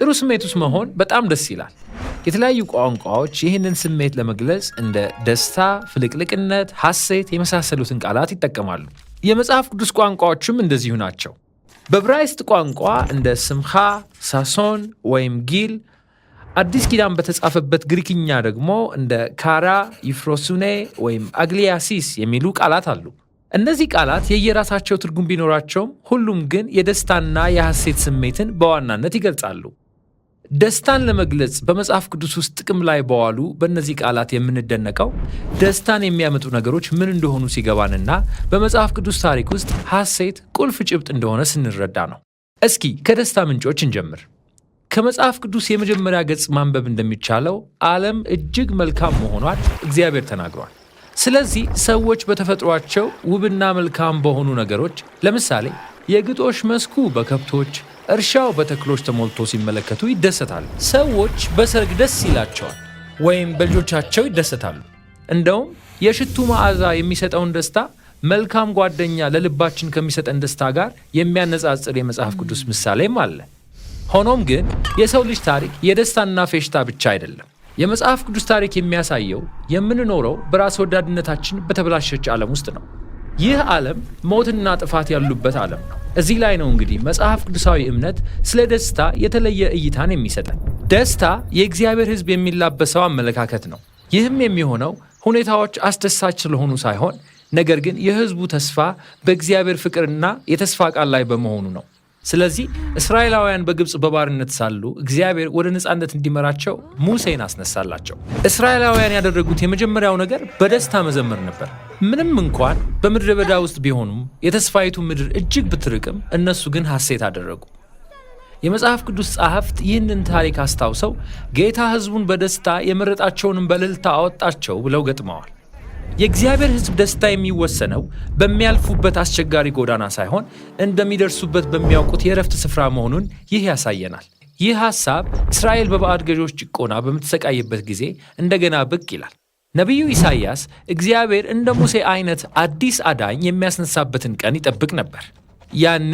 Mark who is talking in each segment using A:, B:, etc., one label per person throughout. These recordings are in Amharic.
A: ጥሩ ስሜት ውስጥ መሆን በጣም ደስ ይላል። የተለያዩ ቋንቋዎች ይህንን ስሜት ለመግለጽ እንደ ደስታ፣ ፍልቅልቅነት፣ ሐሴት የመሳሰሉትን ቃላት ይጠቀማሉ። የመጽሐፍ ቅዱስ ቋንቋዎችም እንደዚሁ ናቸው። በብራይስት ቋንቋ እንደ ስምኻ፣ ሳሶን ወይም ጊል፣ አዲስ ኪዳን በተጻፈበት ግሪክኛ ደግሞ እንደ ካራ፣ ይፍሮሱኔ ወይም አግሊያሲስ የሚሉ ቃላት አሉ። እነዚህ ቃላት የየራሳቸው ትርጉም ቢኖራቸውም ሁሉም ግን የደስታና የሐሴት ስሜትን በዋናነት ይገልጻሉ። ደስታን ለመግለጽ በመጽሐፍ ቅዱስ ውስጥ ጥቅም ላይ በዋሉ በእነዚህ ቃላት የምንደነቀው ደስታን የሚያመጡ ነገሮች ምን እንደሆኑ ሲገባንና በመጽሐፍ ቅዱስ ታሪክ ውስጥ ሐሴት ቁልፍ ጭብጥ እንደሆነ ስንረዳ ነው። እስኪ ከደስታ ምንጮች እንጀምር። ከመጽሐፍ ቅዱስ የመጀመሪያ ገጽ ማንበብ እንደሚቻለው ዓለም እጅግ መልካም መሆኗን እግዚአብሔር ተናግሯል። ስለዚህ ሰዎች በተፈጥሯቸው ውብና መልካም በሆኑ ነገሮች ለምሳሌ የግጦሽ መስኩ በከብቶች እርሻው በተክሎች ተሞልቶ ሲመለከቱ ይደሰታሉ። ሰዎች በሰርግ ደስ ይላቸዋል ወይም በልጆቻቸው ይደሰታሉ። እንደውም የሽቱ መዓዛ የሚሰጠውን ደስታ መልካም ጓደኛ ለልባችን ከሚሰጠን ደስታ ጋር የሚያነጻጽር የመጽሐፍ ቅዱስ ምሳሌም አለ። ሆኖም ግን የሰው ልጅ ታሪክ የደስታና ፌሽታ ብቻ አይደለም። የመጽሐፍ ቅዱስ ታሪክ የሚያሳየው የምንኖረው በራስ ወዳድነታችን በተበላሸች ዓለም ውስጥ ነው። ይህ ዓለም ሞትና ጥፋት ያሉበት ዓለም ነው። እዚህ ላይ ነው እንግዲህ መጽሐፍ ቅዱሳዊ እምነት ስለ ደስታ የተለየ እይታን የሚሰጠን። ደስታ የእግዚአብሔር ሕዝብ የሚላበሰው አመለካከት ነው። ይህም የሚሆነው ሁኔታዎች አስደሳች ስለሆኑ ሳይሆን ነገር ግን የሕዝቡ ተስፋ በእግዚአብሔር ፍቅርና የተስፋ ቃል ላይ በመሆኑ ነው። ስለዚህ እስራኤላውያን በግብፅ በባርነት ሳሉ እግዚአብሔር ወደ ነፃነት እንዲመራቸው ሙሴን አስነሳላቸው። እስራኤላውያን ያደረጉት የመጀመሪያው ነገር በደስታ መዘመር ነበር። ምንም እንኳን በምድረ በዳ ውስጥ ቢሆኑም የተስፋይቱ ምድር እጅግ ብትርቅም፣ እነሱ ግን ሐሴት አደረጉ። የመጽሐፍ ቅዱስ ጸሐፍት ይህንን ታሪክ አስታውሰው ጌታ ሕዝቡን በደስታ የመረጣቸውንም በልልታ አወጣቸው ብለው ገጥመዋል። የእግዚአብሔር ሕዝብ ደስታ የሚወሰነው በሚያልፉበት አስቸጋሪ ጎዳና ሳይሆን እንደሚደርሱበት በሚያውቁት የእረፍት ስፍራ መሆኑን ይህ ያሳየናል። ይህ ሐሳብ እስራኤል በባዕድ ገዦች ጭቆና በምትሰቃይበት ጊዜ እንደገና ብቅ ይላል። ነቢዩ ኢሳይያስ እግዚአብሔር እንደ ሙሴ አይነት አዲስ አዳኝ የሚያስነሳበትን ቀን ይጠብቅ ነበር። ያኔ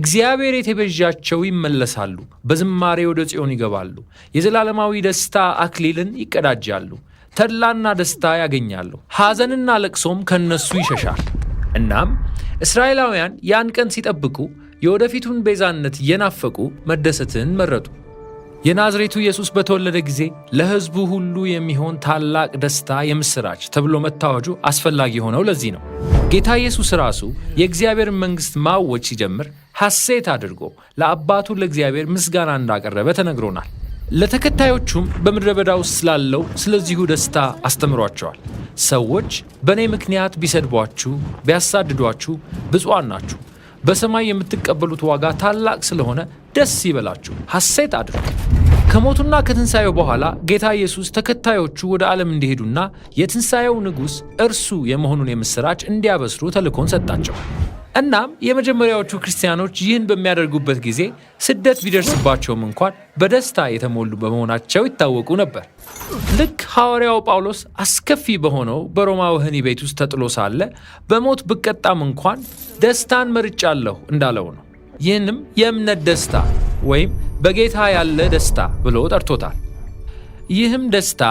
A: እግዚአብሔር የተቤዣቸው ይመለሳሉ፣ በዝማሬ ወደ ጽዮን ይገባሉ፣ የዘላለማዊ ደስታ አክሊልን ይቀዳጃሉ። ተድላና ደስታ ያገኛሉ፣ ሐዘንና ለቅሶም ከነሱ ይሸሻል። እናም እስራኤላውያን ያን ቀን ሲጠብቁ የወደፊቱን ቤዛነት እየናፈቁ መደሰትን መረጡ። የናዝሬቱ ኢየሱስ በተወለደ ጊዜ ለሕዝቡ ሁሉ የሚሆን ታላቅ ደስታ የምሥራች ተብሎ መታወጁ አስፈላጊ የሆነው ለዚህ ነው። ጌታ ኢየሱስ ራሱ የእግዚአብሔርን መንግሥት ማወጅ ሲጀምር ሐሴት አድርጎ ለአባቱ ለእግዚአብሔር ምስጋና እንዳቀረበ ተነግሮናል። ለተከታዮቹም በምድረ በዳ ውስጥ ስላለው ስለዚሁ ደስታ አስተምሯቸዋል። ሰዎች በእኔ ምክንያት ቢሰድቧችሁ፣ ቢያሳድዷችሁ ብፁዓን ናችሁ፣ በሰማይ የምትቀበሉት ዋጋ ታላቅ ስለሆነ ደስ ይበላችሁ፣ ሐሴት አድርጉ። ከሞቱና ከትንሣኤው በኋላ ጌታ ኢየሱስ ተከታዮቹ ወደ ዓለም እንዲሄዱና የትንሣኤው ንጉሥ እርሱ የመሆኑን የምሥራች እንዲያበስሩ ተልኮን ሰጣቸው። እናም የመጀመሪያዎቹ ክርስቲያኖች ይህን በሚያደርጉበት ጊዜ ስደት ቢደርስባቸውም እንኳን በደስታ የተሞሉ በመሆናቸው ይታወቁ ነበር። ልክ ሐዋርያው ጳውሎስ አስከፊ በሆነው በሮማ ወህኒ ቤት ውስጥ ተጥሎ ሳለ በሞት ብቀጣም እንኳን ደስታን መርጫለሁ እንዳለው ነው። ይህንም የእምነት ደስታ ወይም በጌታ ያለ ደስታ ብሎ ጠርቶታል። ይህም ደስታ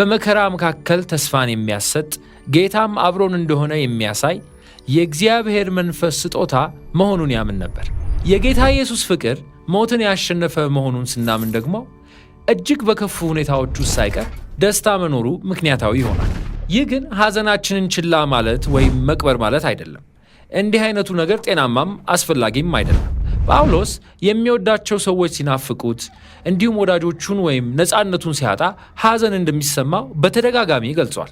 A: በመከራ መካከል ተስፋን የሚያሰጥ ጌታም አብሮን እንደሆነ የሚያሳይ የእግዚአብሔር መንፈስ ስጦታ መሆኑን ያምን ነበር። የጌታ ኢየሱስ ፍቅር ሞትን ያሸነፈ መሆኑን ስናምን ደግሞ እጅግ በከፉ ሁኔታዎች ውስጥ ሳይቀር ደስታ መኖሩ ምክንያታዊ ይሆናል። ይህ ግን ሐዘናችንን ችላ ማለት ወይም መቅበር ማለት አይደለም። እንዲህ አይነቱ ነገር ጤናማም አስፈላጊም አይደለም። ጳውሎስ የሚወዳቸው ሰዎች ሲናፍቁት እንዲሁም ወዳጆቹን ወይም ነፃነቱን ሲያጣ ሐዘን እንደሚሰማው በተደጋጋሚ ገልጿል።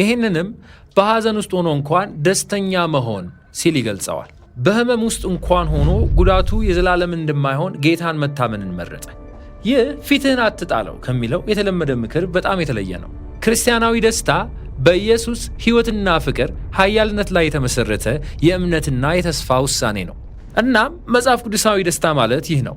A: ይህንንም በሐዘን ውስጥ ሆኖ እንኳን ደስተኛ መሆን ሲል ይገልጸዋል። በህመም ውስጥ እንኳን ሆኖ ጉዳቱ የዘላለም እንደማይሆን ጌታን መታመንን መረጠ። ይህ ፊትህን አትጣለው ከሚለው የተለመደ ምክር በጣም የተለየ ነው። ክርስቲያናዊ ደስታ በኢየሱስ ሕይወትና ፍቅር ኃያልነት ላይ የተመሠረተ የእምነትና የተስፋ ውሳኔ ነው። እናም መጽሐፍ ቅዱሳዊ ደስታ ማለት ይህ ነው።